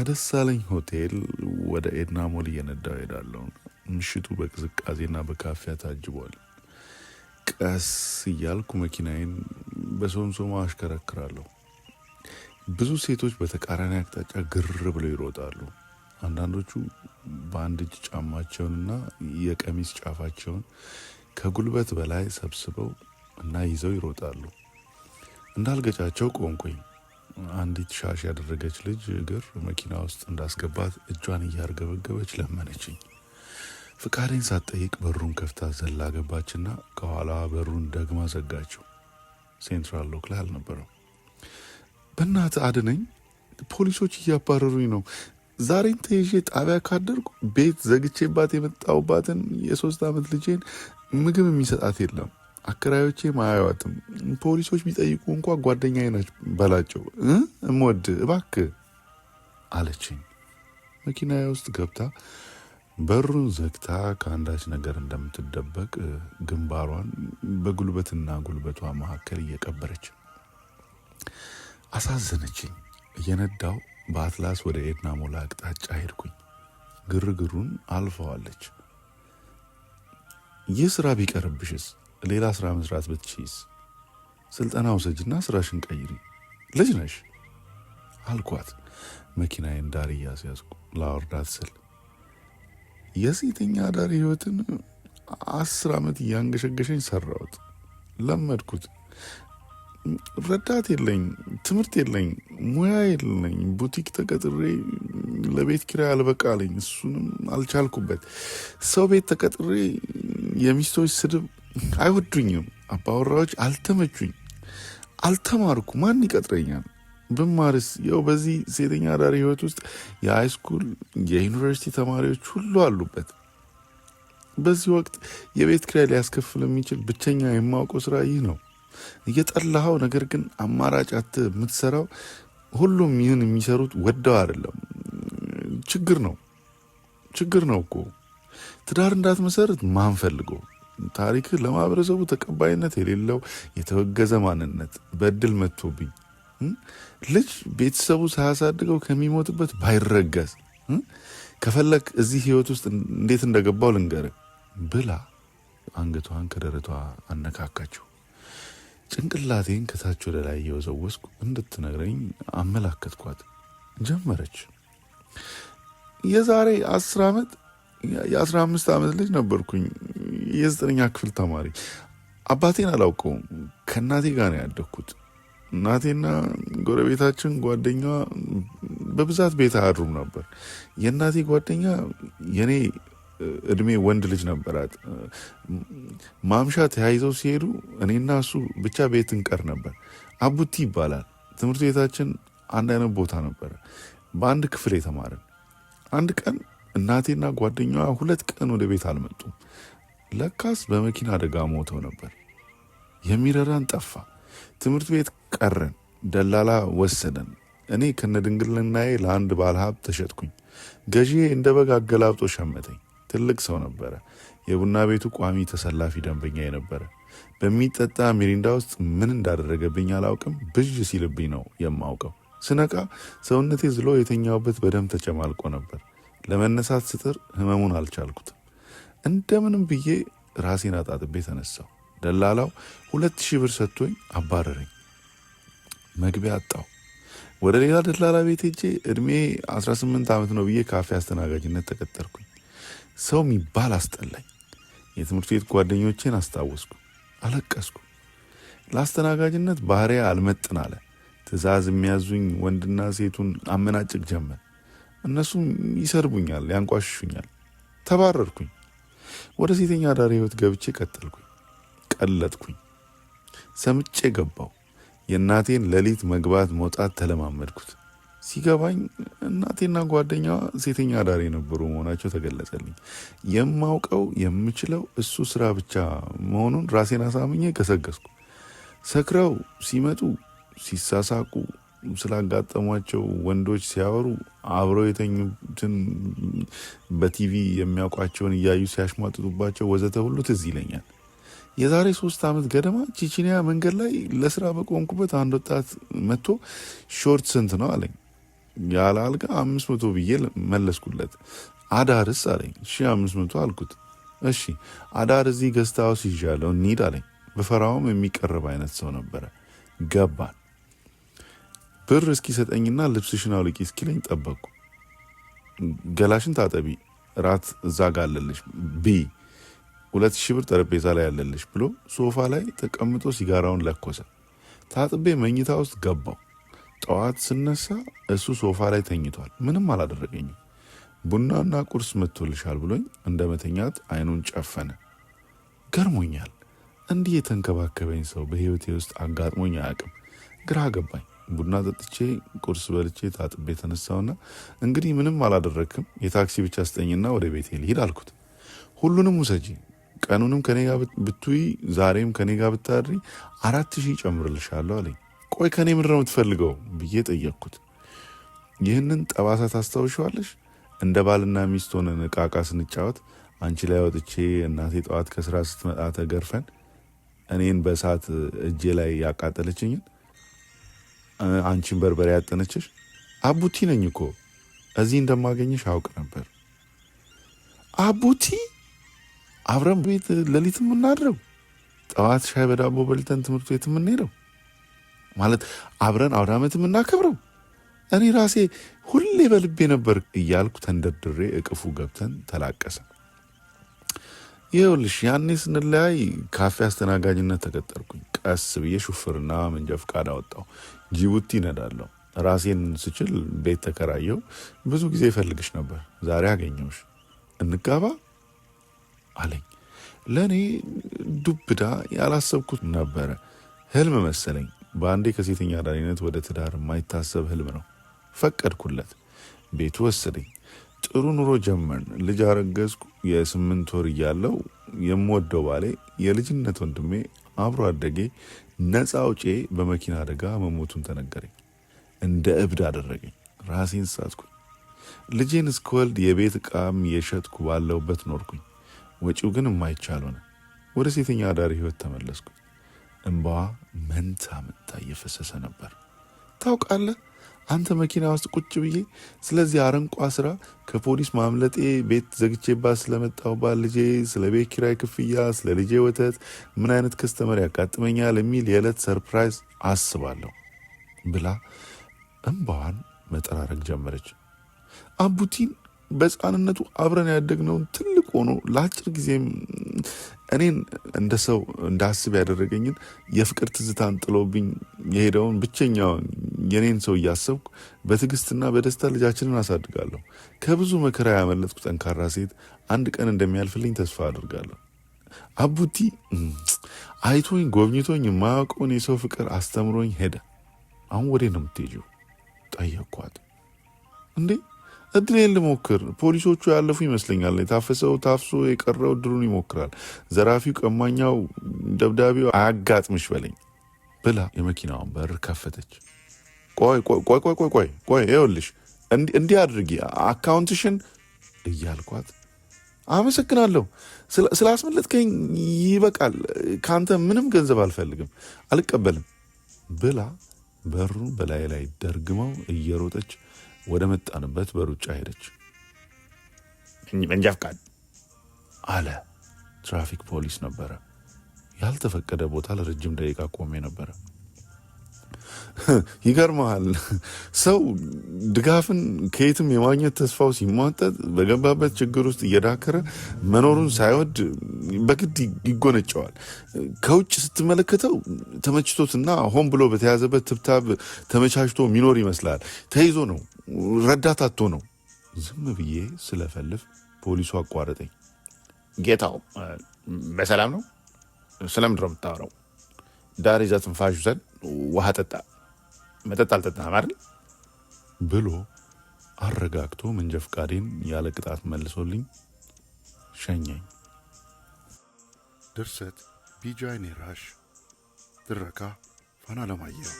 ከደሳለኝ ሆቴል ወደ ኤድና ሞል እየነዳው ሄዳለሁ። ምሽቱ በቅዝቃዜና በካፊያ ታጅቧል። ቀስ እያልኩ መኪናዬን በሶምሶማ አሽከረክራለሁ። ብዙ ሴቶች በተቃራኒ አቅጣጫ ግር ብለው ይሮጣሉ። አንዳንዶቹ በአንድ እጅ ጫማቸውንና የቀሚስ ጫፋቸውን ከጉልበት በላይ ሰብስበው እና ይዘው ይሮጣሉ። እንዳልገጫቸው ቆንቆኝ አንዲት ሻሽ ያደረገች ልጅ እግር መኪና ውስጥ እንዳስገባት እጇን እያርገበገበች ለመነችኝ። ፍቃዴን ሳትጠይቅ በሩን ከፍታ ዘላ ገባችና ከኋላ በሩን ደግማ ዘጋችው። ሴንትራል ሎክ ላይ አልነበረም። በእናት አድነኝ፣ ፖሊሶች እያባረሩኝ ነው። ዛሬን ተይዤ ጣቢያ ካደርኩ ቤት ዘግቼባት የመጣውባትን የሶስት ዓመት ልጄን ምግብ የሚሰጣት የለም። አከራዮቼ አያዩዋትም። ፖሊሶች ቢጠይቁ እንኳ ጓደኛ ናች በላቸው እምወድ እባክ አለችኝ። መኪና ውስጥ ገብታ በሩን ዘግታ ከአንዳች ነገር እንደምትደበቅ ግንባሯን በጉልበትና ጉልበቷ መካከል እየቀበረች አሳዘነችኝ። እየነዳው በአትላስ ወደ ኤድና ሞላ አቅጣጫ ሄድኩኝ። ግርግሩን አልፈዋለች። ይህ ስራ ቢቀርብሽስ ሌላ ስራ መስራት ብትችይስ? ስልጠና ውሰጅና ስራሽን ቀይሪ፣ ልጅ ነሽ አልኳት። መኪናዬን ዳሪ እያስያዝኩ ላወርዳት ስል የሴተኛ አዳሪ ህይወትን አስር ዓመት እያንገሸገሸኝ ሰራሁት። ለመድኩት። ረዳት የለኝ፣ ትምህርት የለኝ፣ ሙያ የለኝ። ቡቲክ ተቀጥሬ ለቤት ኪራይ አልበቃ አለኝ። እሱንም አልቻልኩበት። ሰው ቤት ተቀጥሬ የሚስቶች ስድብ አይወዱኝም። አባወራዎች አልተመቹኝ፣ አልተማርኩ። ማን ይቀጥረኛል? ብማርስ ያው በዚህ ሴተኛ አዳሪ ህይወት ውስጥ የሃይስኩል የዩኒቨርሲቲ ተማሪዎች ሁሉ አሉበት። በዚህ ወቅት የቤት ኪራይ ሊያስከፍል የሚችል ብቸኛ የማውቀው ስራ ይህ ነው። እየጠላኸው ነገር ግን አማራጭ አት የምትሰራው ሁሉም ይህን የሚሰሩት ወደው አይደለም። ችግር ነው ችግር ነው እኮ ትዳር እንዳትመሰርት ማንፈልገው ታሪክ ለማህበረሰቡ ተቀባይነት የሌለው የተወገዘ ማንነት በእድል መጥቶብኝ ልጅ ቤተሰቡ ሳያሳድገው ከሚሞትበት ባይረገዝ ከፈለግ እዚህ ህይወት ውስጥ እንዴት እንደገባው ልንገር ብላ አንገቷን ከደረቷ አነካካችው። ጭንቅላቴን ከታች ወደ ላይ እየወዘወስኩ እንድትነግረኝ አመላከትኳት። ጀመረች። የዛሬ አስር ዓመት የአስራ አምስት ዓመት ልጅ ነበርኩኝ። የዘጠነኛ ክፍል ተማሪ። አባቴን አላውቀውም። ከእናቴ ጋር ነው ያደግኩት። እናቴና ጎረቤታችን ጓደኛዋ በብዛት ቤት አያድሩም ነበር። የእናቴ ጓደኛ የኔ እድሜ ወንድ ልጅ ነበራት። ማምሻ ተያይዘው ሲሄዱ እኔና እሱ ብቻ ቤት እንቀር ነበር። አቡቲ ይባላል። ትምህርት ቤታችን አንድ አይነት ቦታ ነበረ። በአንድ ክፍል የተማርን። አንድ ቀን እናቴና ጓደኛዋ ሁለት ቀን ወደ ቤት አልመጡም። ለካስ በመኪና አደጋ ሞቶ ነበር። የሚረዳን ጠፋ። ትምህርት ቤት ቀረን። ደላላ ወሰደን። እኔ ከነድንግልናዬ ለአንድ ባለሀብት ተሸጥኩኝ። ገዢ እንደ በግ አገላብጦ ሸመተኝ። ትልቅ ሰው ነበረ። የቡና ቤቱ ቋሚ ተሰላፊ ደንበኛ የነበረ። በሚጠጣ ሚሪንዳ ውስጥ ምን እንዳደረገብኝ አላውቅም። ብዥ ሲልብኝ ነው የማውቀው። ስነቃ ሰውነቴ ዝሎ የተኛውበት በደም ተጨማልቆ ነበር። ለመነሳት ስጥር ህመሙን አልቻልኩት። እንደምንም ብዬ ራሴን አጣጥቤ ተነሳው። ደላላው ሁለት ሺህ ብር ሰጥቶኝ አባረረኝ። መግቢያ አጣው። ወደ ሌላ ደላላ ቤት ሄጄ እድሜ 18 ዓመት ነው ብዬ ካፌ አስተናጋጅነት ተቀጠርኩኝ። ሰው የሚባል አስጠላኝ። የትምህርት ቤት ጓደኞቼን አስታወስኩ፣ አለቀስኩ። ለአስተናጋጅነት ባህሪያ አልመጥን አለ። ትዕዛዝ የሚያዙኝ ወንድና ሴቱን አመናጭቅ ጀመር። እነሱም ይሰርቡኛል፣ ያንቋሽሹኛል። ተባረርኩኝ። ወደ ሴተኛ አዳሪ ህይወት ገብቼ ቀጠልኩኝ፣ ቀለጥኩኝ፣ ሰምጬ ገባው። የእናቴን ሌሊት መግባት መውጣት ተለማመድኩት። ሲገባኝ እናቴና ጓደኛዋ ሴተኛ አዳሪ የነበሩ መሆናቸው ተገለጸልኝ። የማውቀው የምችለው እሱ ስራ ብቻ መሆኑን ራሴን አሳምኜ ገሰገስኩ። ሰክረው ሲመጡ ሲሳሳቁ ስላጋጠሟቸው ወንዶች ሲያወሩ አብረው የተኙትን በቲቪ የሚያውቋቸውን እያዩ ሲያሽሟጥጡባቸው ወዘተ ሁሉ ትዝ ይለኛል። የዛሬ ሶስት ዓመት ገደማ ቺቺኒያ መንገድ ላይ ለስራ በቆምኩበት አንድ ወጣት መጥቶ ሾርት ስንት ነው አለኝ። ያለ አልጋ አምስት መቶ ብዬ መለስኩለት። አዳርስ አለኝ። ሺ አምስት መቶ አልኩት። እሺ አዳር እዚህ ገስታ ውስጥ ይዣለሁ ኒድ አለኝ። በፈራውም የሚቀርብ አይነት ሰው ነበረ። ገባን። ብር እስኪሰጠኝና ልብስሽን አውልቂ እስኪለኝ ጠበቅኩ። ገላሽን ታጠቢ፣ ራት እዛ ጋ አለልሽ ቢ ሁለት ሺህ ብር ጠረጴዛ ላይ አለልሽ ብሎ ሶፋ ላይ ተቀምጦ ሲጋራውን ለኮሰ። ታጥቤ መኝታ ውስጥ ገባው። ጠዋት ስነሳ እሱ ሶፋ ላይ ተኝቷል። ምንም አላደረገኝም። ቡናና ቁርስ መጥቶልሻል ብሎኝ እንደ መተኛት አይኑን ጨፈነ። ገርሞኛል። እንዲህ የተንከባከበኝ ሰው በህይወቴ ውስጥ አጋጥሞኝ አያውቅም። ግራ ገባኝ። ቡና ጠጥቼ ቁርስ በልቼ ታጥቤ የተነሳውና እንግዲህ ምንም አላደረግክም፣ የታክሲ ብቻ ስጠኝና ወደ ቤቴ ልሂድ አልኩት። ሁሉንም ውሰጂ፣ ቀኑንም ከኔ ብትይ፣ ዛሬም ከኔ ጋ ብታድሪ አራት ሺህ ጨምርልሻለሁ አለኝ። ቆይ ከኔ ምንድን ነው የምትፈልገው ብዬ ጠየቅኩት። ይህንን ጠባሳ ታስታውሸዋለሽ? እንደ ባልና ሚስት ሆነን እቃቃ ስንጫወት አንቺ ላይ ወጥቼ እናቴ ጠዋት ከስራ ስትመጣ ተገርፈን እኔን በእሳት እጄ ላይ ያቃጠለችኝን አንቺን በርበሬ ያጠነችሽ አቡቲ ነኝ እኮ እዚህ እንደማገኝሽ አውቅ ነበር። አቡቲ አብረን ቤት ሌሊት የምናድረው ጠዋት ሻይ በዳቦ በልተን ትምህርት ቤት የምንሄደው ማለት አብረን አውደ ዓመት የምናከብረው እኔ ራሴ ሁሌ በልቤ ነበር እያልኩ ተንደርድሬ እቅፉ ገብተን ተላቀሰ። ይኸውልሽ ያኔ ስንለያይ ካፌ አስተናጋጅነት ተቀጠርኩኝ። ቀስ ብዬ ሹፍርና መንጃ ፍቃድ አወጣው። ጅቡቲ ነዳለው። ራሴን ስችል ቤት ተከራየው። ብዙ ጊዜ ይፈልግሽ ነበር፣ ዛሬ አገኘውሽ። እንጋባ አለኝ። ለእኔ ዱብዳ ያላሰብኩት ነበረ። ህልም መሰለኝ። በአንዴ ከሴተኛ አዳሪነት ወደ ትዳር የማይታሰብ ህልም ነው። ፈቀድኩለት። ቤቱ ወሰደኝ። ጥሩ ኑሮ ጀመርን። ልጅ አረገዝኩ። የስምንት ወር እያለው የምወደው ባሌ፣ የልጅነት ወንድሜ፣ አብሮ አደጌ፣ ነፃ አውጪ በመኪና አደጋ መሞቱን ተነገረኝ። እንደ እብድ አደረገኝ። ራሴን ሳትኩኝ። ልጄን እስክወልድ የቤት ዕቃም የሸጥኩ ባለሁበት ኖርኩኝ። ወጪው ግን የማይቻል ሆነ። ወደ ሴተኛ አዳሪ ህይወት ተመለስኩ። እንባዋ መንታ ምንታ እየፈሰሰ ነበር። ታውቃለህ አንተ መኪና ውስጥ ቁጭ ብዬ ስለዚህ አረንቋ ስራ ከፖሊስ ማምለጤ ቤት ዘግቼባት ስለመጣሁባት ልጄ፣ ስለ ቤት ኪራይ ክፍያ፣ ስለ ልጄ ወተት፣ ምን አይነት ከስተመር ያጋጥመኛል የሚል የዕለት ሰርፕራይዝ አስባለሁ ብላ እምባዋን መጠራረግ ጀመረች። አቡቲን በህፃንነቱ አብረን ያደግነውን ትልቅ ሆኖ ለአጭር ጊዜም እኔን እንደ ሰው እንዳስብ ያደረገኝን የፍቅር ትዝታን ጥሎብኝ የሄደውን ብቸኛውን የኔን ሰው እያሰብኩ በትዕግስትና በደስታ ልጃችንን አሳድጋለሁ። ከብዙ መከራ ያመለጥኩ ጠንካራ ሴት አንድ ቀን እንደሚያልፍልኝ ተስፋ አድርጋለሁ። አቡቲ አይቶኝ ጎብኝቶኝ የማያውቀውን የሰው ፍቅር አስተምሮኝ ሄደ። አሁን ወዴት ነው የምትሄጂው? ጠየኳት እንዴ እድሌን ልሞክር። ፖሊሶቹ ያለፉ ይመስለኛል። የታፈሰው ታፍሶ የቀረው እድሉን ይሞክራል። ዘራፊው፣ ቀማኛው፣ ደብዳቤው አያጋጥምሽ በለኝ ብላ የመኪናውን በር ከፈተች። ቆይ ቆይ ቆይ ቆይ ቆይ ቆይ ቆይ ይኸውልሽ እንዲህ አድርጊ አካውንትሽን እያልኳት አመሰግናለሁ ስላስመለጥከኝ ይበቃል፣ ከአንተ ምንም ገንዘብ አልፈልግም፣ አልቀበልም ብላ በሩን በላይ ላይ ደርግመው እየሮጠች ወደ መጣንበት በሩጫ ሄደች። መንጃ ፈቃድ አለ። ትራፊክ ፖሊስ ነበረ። ያልተፈቀደ ቦታ ለረጅም ደቂቃ ቆሜ ነበረ። ይገርመሃል ሰው ድጋፍን ከየትም የማግኘት ተስፋው ሲሟጠጥ በገባበት ችግር ውስጥ እየዳከረ መኖሩን ሳይወድ በግድ ይጎነጨዋል። ከውጭ ስትመለከተው ተመችቶትና ሆን ብሎ በተያዘበት ትብታብ ተመቻችቶ የሚኖር ይመስላል። ተይዞ ነው፣ ረዳት አቶ ነው። ዝም ብዬ ስለፈልፍ ፖሊሱ አቋረጠኝ። ጌታው በሰላም ነው? ስለምንድን ነው የምታወራው? ዳር ይዘህ ትንፋሽ ውሰድ፣ ውሃ ጠጣ መጠጥ አልጠጣህም አይደል ብሎ አረጋግቶ መንጃ ፈቃዴን ያለ ቅጣት መልሶልኝ ሸኘኝ። ድርሰት ቢጃይኔ ራሽ፣ ትረካ ፋና ለማየው